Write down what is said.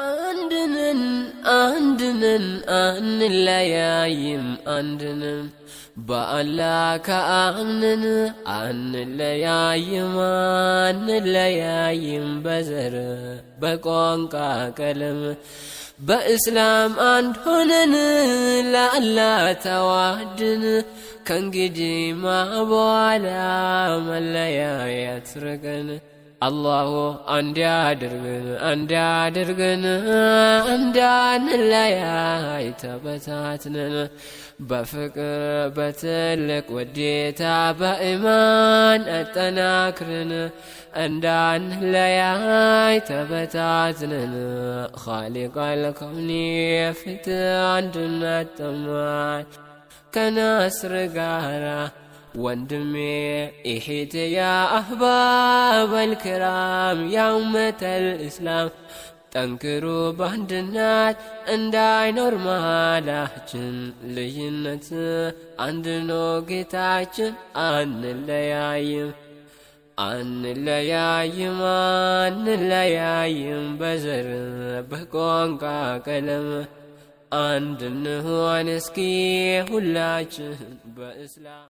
አንድንን አንድንን አንለያይም አንድንን በአላ ከአምንን አንለያይም አንለያይም በዘር በቋንቋ ቀለም በእስላም አንድ ሆነን ለአላ ተዋድን ከእንግዲህ ማ በኋላ መለያየት ርቀን አላሁ እንዲያድርግን እንዲያድርግን እንዳንለያይ ተበታትነን በፍቅር በትልቅ ወዴታ በኢማን አጠናክርን እንዳንለያይ ተበታትነን ኻሊቃል ከውኒ የፍት አንድነት ጠማን ከናስር ጋራ ወንድሜ ኢሒት ያ አህባብ አልክራም ያ እስላም ጠንክሩ በአንድነት እንዳይኖር መሃላችን ልዩነት አንድ ነው ጌታችን አንለያይም አንለያይም አንለያይም በዘር በቋንቋ ቀለም አንድ እንሆን እስኪ ሁላችን በእስላም